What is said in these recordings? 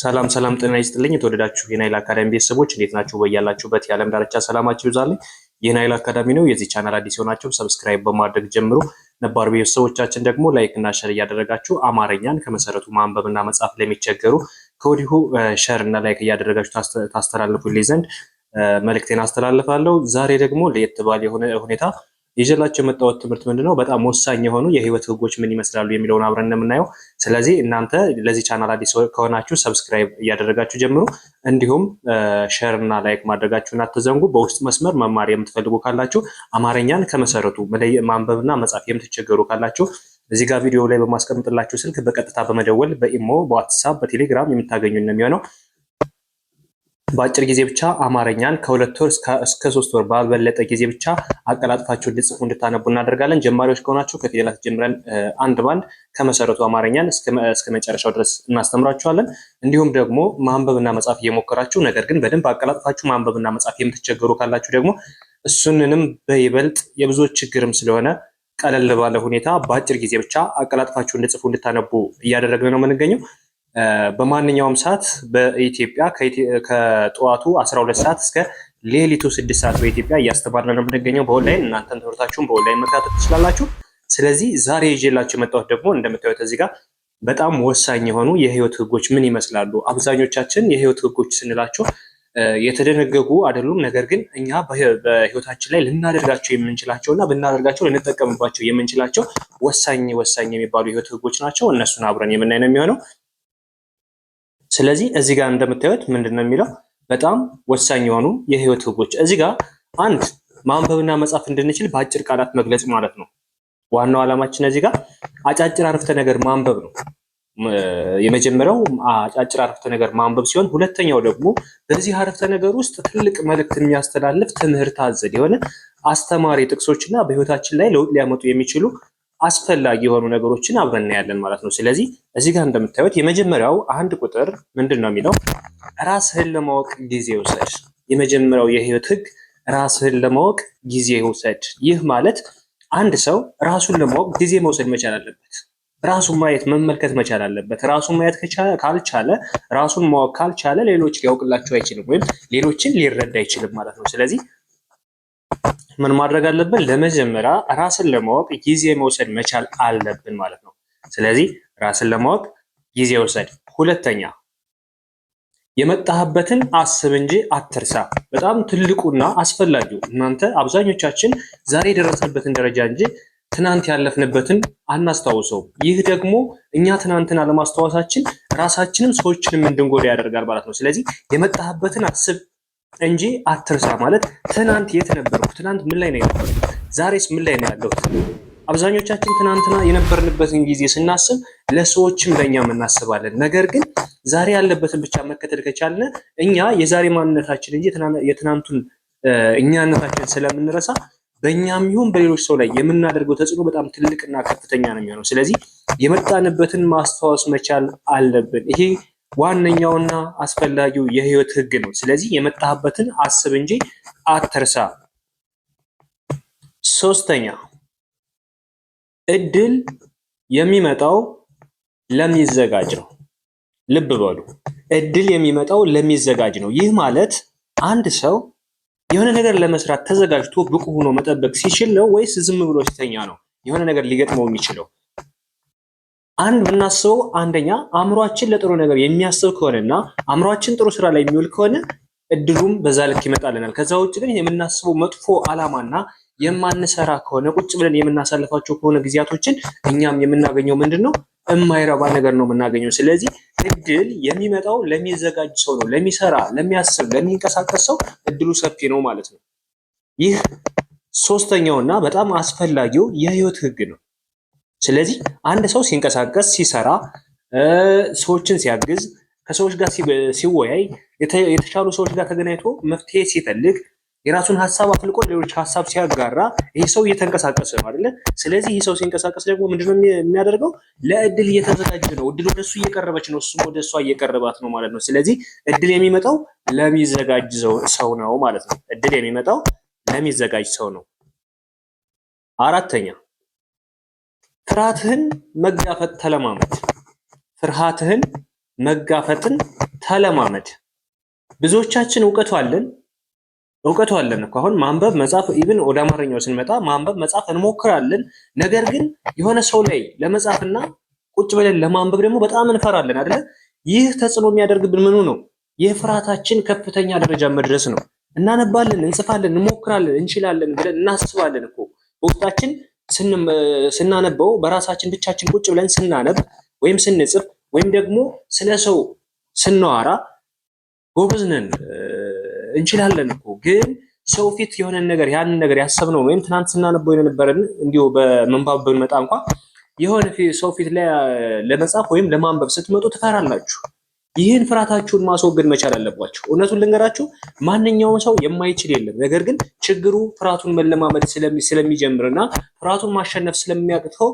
ሰላም ሰላም፣ ጤና ይስጥልኝ የተወደዳችሁ የናይል አካዳሚ ቤተሰቦች እንዴት ናችሁ? በያላችሁበት የዓለም ዳርቻ ሰላማችሁ ይብዛልኝ። የናይል አካዳሚ ነው። የዚህ ቻናል አዲስ የሆናችሁ ሰብስክራይብ በማድረግ ጀምሩ። ነባር ቤተሰቦቻችን ደግሞ ላይክ እና ሸር እያደረጋችሁ አማርኛን ከመሰረቱ ማንበብና መጻፍ ለሚቸገሩ ከወዲሁ ሸር እና ላይክ እያደረጋችሁ ታስተላልፉልኝ ዘንድ መልእክቴን አስተላልፋለሁ። ዛሬ ደግሞ ለየት ባለ የሆነ ሁኔታ ይዤላቸው የመጣሁት ትምህርት ምንድነው በጣም ወሳኝ የሆኑ የህይወት ህጎች ምን ይመስላሉ የሚለውን አብረን የምናየው። ስለዚህ እናንተ ለዚህ ቻናል አዲስ ከሆናችሁ ሰብስክራይብ እያደረጋችሁ ጀምሩ። እንዲሁም ሼር እና ላይክ ማድረጋችሁን አትዘንጉ። በውስጥ መስመር መማር የምትፈልጉ ካላችሁ፣ አማርኛን ከመሰረቱ ማንበብና መጻፍ የምትቸገሩ ካላችሁ እዚህ ጋር ቪዲዮ ላይ በማስቀምጥላችሁ ስልክ በቀጥታ በመደወል በኢሞ፣ በዋትሳፕ፣ በቴሌግራም የምታገኙ ነው የሚሆነው። በአጭር ጊዜ ብቻ አማርኛን ከሁለት ወር እስከ ሶስት ወር ባበለጠ ጊዜ ብቻ አቀላጥፋችሁ እንድጽፉ እንድታነቡ እናደርጋለን። ጀማሪዎች ከሆናችሁ ከፊደላት ጀምረን አንድ ባንድ ከመሰረቱ አማርኛን እስከ መጨረሻው ድረስ እናስተምራችኋለን። እንዲሁም ደግሞ ማንበብና መጻፍ እየሞከራችሁ ነገር ግን በደንብ አቀላጥፋችሁ ማንበብና መጻፍ የምትቸገሩ ካላችሁ ደግሞ እሱንንም በይበልጥ የብዙዎች ችግርም ስለሆነ ቀለል ባለ ሁኔታ በአጭር ጊዜ ብቻ አቀላጥፋችሁ እንድጽፉ እንድታነቡ እያደረግን ነው የምንገኘው። በማንኛውም ሰዓት በኢትዮጵያ ከጠዋቱ 12 ሰዓት እስከ ሌሊቱ 6 ሰዓት በኢትዮጵያ እያስተማርን ነው የምንገኘው በኦንላይን። እናንተን ትምህርታችሁን በኦንላይን መከታተል ትችላላችሁ። ስለዚህ ዛሬ ይዤላችሁ የመጣሁት ደግሞ እንደምታዩት እዚህ ጋር በጣም ወሳኝ የሆኑ የህይወት ህጎች ምን ይመስላሉ? አብዛኞቻችን የህይወት ህጎች ስንላቸው የተደነገጉ አይደሉም። ነገር ግን እኛ በህይወታችን ላይ ልናደርጋቸው የምንችላቸው እና ብናደርጋቸው ልንጠቀምባቸው የምንችላቸው ወሳኝ ወሳኝ የሚባሉ የህይወት ህጎች ናቸው። እነሱን አብረን የምናይ ነው የሚሆነው። ስለዚህ እዚህ ጋር እንደምታዩት ምንድን ነው የሚለው በጣም ወሳኝ የሆኑ የህይወት ህጎች እዚህ ጋር አንድ ማንበብና መጻፍ እንድንችል በአጭር ቃላት መግለጽ ማለት ነው። ዋናው ዓላማችን እዚህ ጋር አጫጭር አረፍተ ነገር ማንበብ ነው። የመጀመሪያው አጫጭር አረፍተ ነገር ማንበብ ሲሆን ሁለተኛው ደግሞ በዚህ አረፍተ ነገር ውስጥ ትልቅ መልእክት የሚያስተላልፍ ትምህርት አዘል የሆነ አስተማሪ ጥቅሶችና በህይወታችን ላይ ለውጥ ሊያመጡ የሚችሉ አስፈላጊ የሆኑ ነገሮችን አብረን እናያለን ማለት ነው። ስለዚህ እዚህ ጋር እንደምታዩት የመጀመሪያው አንድ ቁጥር ምንድን ነው የሚለው ራስህን ለማወቅ ጊዜ ውሰድ። የመጀመሪያው የህይወት ህግ ራስህን ለማወቅ ጊዜ ውሰድ። ይህ ማለት አንድ ሰው ራሱን ለማወቅ ጊዜ መውሰድ መቻል አለበት። ራሱን ማየት መመልከት መቻል አለበት። ራሱን ማየት ካልቻለ ራሱን ማወቅ ካልቻለ ሌሎች ሊያውቅላቸው አይችልም፣ ወይም ሌሎችን ሊረዳ አይችልም ማለት ነው። ስለዚህ ምን ማድረግ አለብን? ለመጀመሪያ ራስን ለማወቅ ጊዜ መውሰድ መቻል አለብን ማለት ነው። ስለዚህ ራስን ለማወቅ ጊዜ ውሰድ። ሁለተኛ የመጣህበትን አስብ እንጂ አትርሳ። በጣም ትልቁና አስፈላጊው እናንተ አብዛኞቻችን ዛሬ የደረስንበትን ደረጃ እንጂ ትናንት ያለፍንበትን አናስታውሰውም። ይህ ደግሞ እኛ ትናንትን አለማስታወሳችን ራሳችንም ሰዎችንም እንድንጎዳ ያደርጋል ማለት ነው። ስለዚህ የመጣህበትን አስብ እንጂ አትርሳ ማለት ትናንት የት ነበርኩ፣ ትናንት ምን ላይ ነው የነበርኩ፣ ዛሬስ ምን ላይ ነው ያለሁት። አብዛኞቻችን ትናንትና የነበርንበትን ጊዜ ስናስብ ለሰዎችም ለእኛም እናስባለን። ነገር ግን ዛሬ ያለበትን ብቻ መከተል ከቻልን እኛ የዛሬ ማንነታችን እንጂ የትናንቱን እኛነታችን ስለምንረሳ በእኛም ይሁን በሌሎች ሰው ላይ የምናደርገው ተጽዕኖ በጣም ትልቅና ከፍተኛ ነው የሚሆነው። ስለዚህ የመጣንበትን ማስታወስ መቻል አለብን። ይሄ ዋነኛውና አስፈላጊው የህይወት ህግ ነው። ስለዚህ የመጣህበትን አስብ እንጂ አትርሳ። ሶስተኛ እድል የሚመጣው ለሚዘጋጅ ነው። ልብ በሉ፣ እድል የሚመጣው ለሚዘጋጅ ነው። ይህ ማለት አንድ ሰው የሆነ ነገር ለመስራት ተዘጋጅቶ ብቁ ሆኖ መጠበቅ ሲችል ነው ወይስ ዝም ብሎ ሲተኛ ነው የሆነ ነገር ሊገጥመው የሚችለው? አንድ ብናስበው አንደኛ አእምሯችን ለጥሩ ነገር የሚያስብ ከሆነና አእምሯችን ጥሩ ስራ ላይ የሚውል ከሆነ እድሉም በዛ ልክ ይመጣልናል። ከዛ ውጭ ግን የምናስበው መጥፎ አላማና የማንሰራ ከሆነ ቁጭ ብለን የምናሳልፋቸው ከሆነ ጊዜያቶችን እኛም የምናገኘው ምንድን ነው? የማይረባ ነገር ነው የምናገኘው። ስለዚህ እድል የሚመጣው ለሚዘጋጅ ሰው ነው። ለሚሰራ፣ ለሚያስብ፣ ለሚንቀሳቀስ ሰው እድሉ ሰፊ ነው ማለት ነው። ይህ ሶስተኛውና በጣም አስፈላጊው የህይወት ህግ ነው። ስለዚህ አንድ ሰው ሲንቀሳቀስ፣ ሲሰራ፣ ሰዎችን ሲያግዝ፣ ከሰዎች ጋር ሲወያይ፣ የተሻሉ ሰዎች ጋር ተገናኝቶ መፍትሄ ሲፈልግ፣ የራሱን ሀሳብ አፍልቆ ሌሎች ሀሳብ ሲያጋራ ይህ ሰው እየተንቀሳቀሰ ነው አይደለ? ስለዚህ ይህ ሰው ሲንቀሳቀስ ደግሞ ምንድነው የሚያደርገው? ለእድል እየተዘጋጀ ነው። እድል ወደሱ እየቀረበች ነው፣ እሱም ወደ እሷ እየቀረባት ነው ማለት ነው። ስለዚህ እድል የሚመጣው ለሚዘጋጅ ሰው ነው ማለት ነው። እድል የሚመጣው ለሚዘጋጅ ሰው ነው። አራተኛ ፍርሃትህን መጋፈጥ ተለማመድ። ፍርሃትህን መጋፈጥን ተለማመድ። ብዙዎቻችን እውቀቱ አለን እውቀቱ አለን እኮ አሁን ማንበብ መጻፍ ኢቭን ወደ አማርኛው ስንመጣ ማንበብ መጻፍ እንሞክራለን። ነገር ግን የሆነ ሰው ላይ ለመጻፍና ቁጭ ብለን ለማንበብ ደግሞ በጣም እንፈራለን አይደለ? ይህ ተጽዕኖ የሚያደርግብን ምኑ ነው? የፍርሃታችን ከፍተኛ ደረጃ መድረስ ነው። እናነባለን፣ እንጽፋለን፣ እንሞክራለን፣ እንችላለን ብለን እናስባለን እኮ በውስጣችን ስናነበው በራሳችን ብቻችን ቁጭ ብለን ስናነብ ወይም ስንጽፍ ወይም ደግሞ ስለ ሰው ስናወራ ጎበዝ ነን እንችላለን እኮ ግን ሰው ፊት የሆነን ነገር ያንን ነገር ያሰብነው ወይም ትናንት ስናነበው የነበረን እንዲሁ በመንባብ ብንመጣ እንኳ የሆነ ሰው ፊት ለመጻፍ ወይም ለማንበብ ስትመጡ ትፈራላችሁ። ይህን ፍርሃታችሁን ማስወገድ መቻል አለባችሁ። እውነቱን ልንገራችሁ፣ ማንኛውም ሰው የማይችል የለም። ነገር ግን ችግሩ ፍርሃቱን መለማመድ ስለሚጀምርና ፍርሃቱን ማሸነፍ ስለሚያቅተው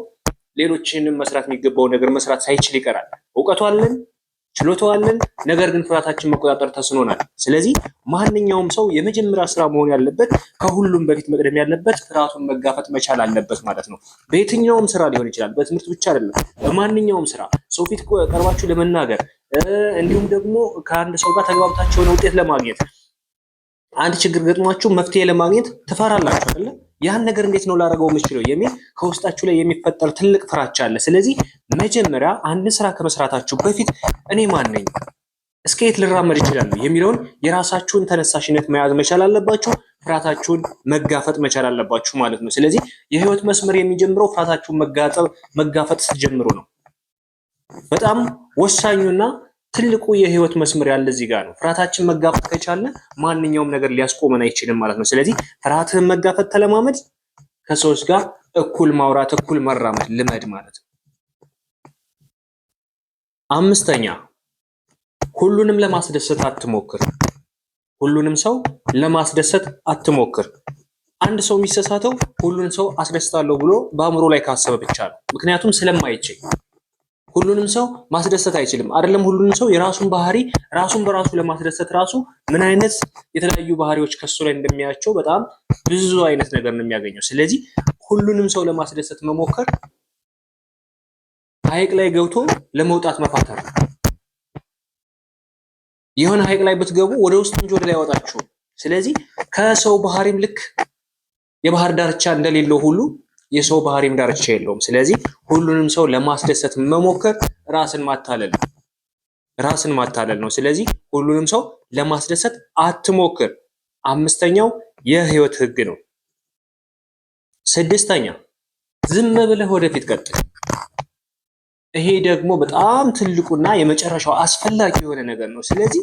ሌሎችንም መስራት የሚገባው ነገር መስራት ሳይችል ይቀራል። እውቀቱ አለን፣ ችሎታው አለን፣ ነገር ግን ፍርሃታችን መቆጣጠር ተስኖናል። ስለዚህ ማንኛውም ሰው የመጀመሪያ ስራ መሆን ያለበት ከሁሉም በፊት መቅደም ያለበት ፍርሃቱን መጋፈጥ መቻል አለበት ማለት ነው። በየትኛውም ስራ ሊሆን ይችላል። በትምህርት ብቻ አይደለም፣ በማንኛውም ስራ ሰው ፊት ቀርባችሁ ለመናገር እንዲሁም ደግሞ ከአንድ ሰው ጋር ተግባብታችሁ የሆነ ውጤት ለማግኘት አንድ ችግር ገጥሟችሁ መፍትሄ ለማግኘት ትፈራላችሁ አይደለ? ያን ነገር እንዴት ነው ላደርገው የምችለው የሚል ከውስጣችሁ ላይ የሚፈጠር ትልቅ ፍራቻ አለ። ስለዚህ መጀመሪያ አንድን ስራ ከመስራታችሁ በፊት እኔ ማን ነኝ፣ እስከ የት ልራመድ ይችላለሁ የሚለውን የራሳችሁን ተነሳሽነት መያዝ መቻል አለባችሁ። ፍራታችሁን መጋፈጥ መቻል አለባችሁ ማለት ነው። ስለዚህ የህይወት መስመር የሚጀምረው ፍርሃታችሁን መጋፈጥ ስትጀምሩ ነው። በጣም ወሳኙና ትልቁ የህይወት መስመር ያለ እዚህ ጋር ነው። ፍርሃታችን መጋፈጥ ከቻለ ማንኛውም ነገር ሊያስቆመን አይችልም ማለት ነው። ስለዚህ ፍርሃትህን መጋፈጥ ተለማመድ፣ ከሰዎች ጋር እኩል ማውራት፣ እኩል መራመድ ልመድ ማለት ነው። አምስተኛ ሁሉንም ለማስደሰት አትሞክር። ሁሉንም ሰው ለማስደሰት አትሞክር። አንድ ሰው የሚሰሳተው ሁሉን ሰው አስደስታለሁ ብሎ በአእምሮ ላይ ካሰበ ብቻ ነው፣ ምክንያቱም ስለማይችል ሁሉንም ሰው ማስደሰት አይችልም። አይደለም ሁሉንም ሰው የራሱን ባህሪ ራሱን በራሱ ለማስደሰት ራሱ ምን አይነት የተለያዩ ባህሪዎች ከሱ ላይ እንደሚያቸው በጣም ብዙ አይነት ነገር ነው የሚያገኘው። ስለዚህ ሁሉንም ሰው ለማስደሰት መሞከር ሐይቅ ላይ ገብቶ ለመውጣት መፋተር ነው። የሆነ ሐይቅ ላይ ብትገቡ ወደ ውስጥ እንጂ ወደ ላይ አይወጣችሁም። ስለዚህ ከሰው ባህሪም ልክ የባህር ዳርቻ እንደሌለው ሁሉ የሰው ባህሪም ዳርቻ የለውም። ስለዚህ ሁሉንም ሰው ለማስደሰት መሞከር ራስን ማታለል ነው፣ ራስን ማታለል ነው። ስለዚህ ሁሉንም ሰው ለማስደሰት አትሞክር። አምስተኛው የህይወት ህግ ነው። ስድስተኛ ዝም ብለህ ወደፊት ቀጥል። ይሄ ደግሞ በጣም ትልቁና የመጨረሻው አስፈላጊ የሆነ ነገር ነው። ስለዚህ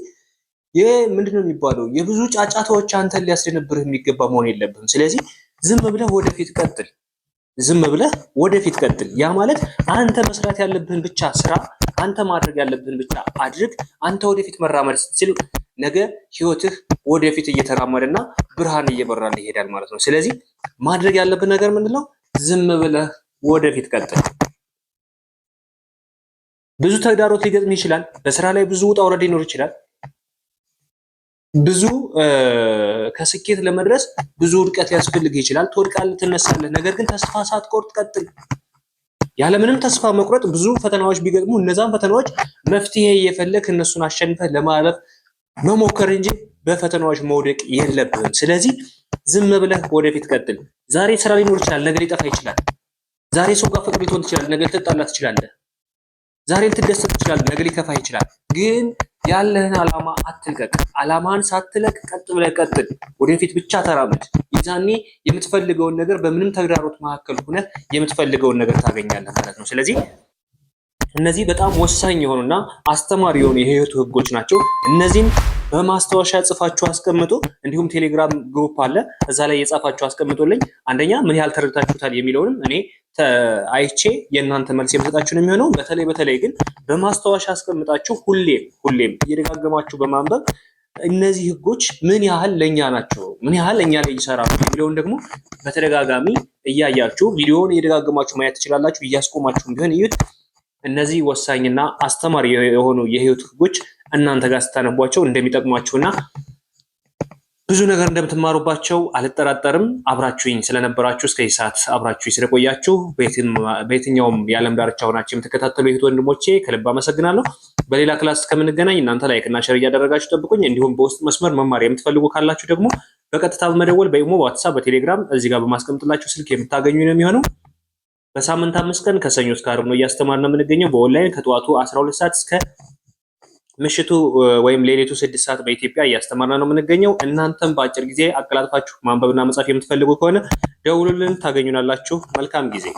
ነው የሚባለው የብዙ ጫጫታዎች አንተን ሊያስደነብርህ የሚገባ መሆን የለብህም። ስለዚህ ዝም ብለህ ወደፊት ቀጥል። ዝም ብለህ ወደፊት ቀጥል። ያ ማለት አንተ መስራት ያለብህን ብቻ ስራ፣ አንተ ማድረግ ያለብህን ብቻ አድርግ። አንተ ወደፊት መራመድ ስትችል ነገ ህይወትህ ወደፊት እየተራመደና ብርሃን እየበራል ይሄዳል ማለት ነው። ስለዚህ ማድረግ ያለብህ ነገር ምንድነው? ዝም ብለህ ወደፊት ቀጥል። ብዙ ተግዳሮት ሊገጥም ይችላል። በስራ ላይ ብዙ ውጣ ውረድ ሊኖር ይችላል። ብዙ ከስኬት ለመድረስ ብዙ ውድቀት ያስፈልግ ይችላል። ትወድቃለህ፣ ትነሳለህ። ነገር ግን ተስፋ ሳትቆርጥ ቀጥል። ያለምንም ተስፋ መቁረጥ ብዙ ፈተናዎች ቢገጥሙ እነዛን ፈተናዎች መፍትሄ እየፈለግ እነሱን አሸንፈህ ለማለፍ መሞከር እንጂ በፈተናዎች መውደቅ የለብህም። ስለዚህ ዝም ብለህ ወደፊት ቀጥል። ዛሬ ስራ ሊኖር ይችላል፣ ነገር ሊጠፋ ይችላል። ዛሬ ሰው ጋር ፍቅር ሊሆን ትችላል፣ ነገር ትጣላ ትችላለህ። ዛሬ ልትደሰት ይችላል፣ ነገ ሊከፋ ይችላል። ግን ያለህን ዓላማ አትልቀቅ። ዓላማን ሳትለቅ ቀጥ ብለህ ቀጥል፣ ወደፊት ብቻ ተራመድ። ይዛኔ የምትፈልገውን ነገር በምንም ተግዳሮት መካከል ሆነ የምትፈልገውን ነገር ታገኛለህ ማለት ነው። ስለዚህ እነዚህ በጣም ወሳኝ የሆኑና አስተማሪ የሆኑ የህይወቱ ህጎች ናቸው። እነዚህን በማስታወሻ ጽፋችሁ አስቀምጡ። እንዲሁም ቴሌግራም ግሩፕ አለ፣ እዛ ላይ የጻፋችሁ አስቀምጡልኝ። አንደኛ ምን ያህል ተረድታችሁታል የሚለውንም እኔ አይቼ የእናንተ መልስ የምሰጣችሁ ነው የሚሆነው። በተለይ በተለይ ግን በማስታወሻ አስቀምጣችሁ ሁሌም ሁሌም እየደጋገማችሁ በማንበብ እነዚህ ህጎች ምን ያህል ለእኛ ናቸው፣ ምን ያህል እኛ ላይ ይሰራሉ የሚለውን ደግሞ በተደጋጋሚ እያያችሁ ቪዲዮውን እየደጋገማችሁ ማየት ትችላላችሁ። እያስቆማችሁ ቢሆን እዩት። እነዚህ ወሳኝና አስተማሪ የሆኑ የህይወት ህጎች እናንተ ጋር ስታነቧቸው እንደሚጠቅሟችሁና ብዙ ነገር እንደምትማሩባቸው አልጠራጠርም። አብራችሁኝ ስለነበራችሁ እስከዚህ ሰዓት አብራችሁኝ ስለቆያችሁ በየትኛውም የዓለም ዳርቻ ሆናችሁ የምትከታተሉ የህት ወንድሞቼ ከልብ አመሰግናለሁ። በሌላ ክላስ እስከምንገናኝ እናንተ ላይክና ሸር እያደረጋችሁ ጠብቁኝ። እንዲሁም በውስጥ መስመር መማር የምትፈልጉ ካላችሁ ደግሞ በቀጥታ በመደወል በኢሞ፣ በዋትሳፕ፣ በቴሌግራም እዚህ ጋር በማስቀምጥላችሁ ስልክ የምታገኙ ነው የሚሆነው። በሳምንት አምስት ቀን ከሰኞ እስከ ዓርብ ነው እያስተማር ነው የምንገኘው በኦንላይን ከጠዋቱ 12 ሰዓት እስከ ምሽቱ ወይም ሌሊቱ ስድስት ሰዓት በኢትዮጵያ እያስተማርን ነው የምንገኘው። እናንተም በአጭር ጊዜ አቀላጥፋችሁ ማንበብና መጻፍ የምትፈልጉ ከሆነ ደውሉልን፣ ታገኙናላችሁ። መልካም ጊዜ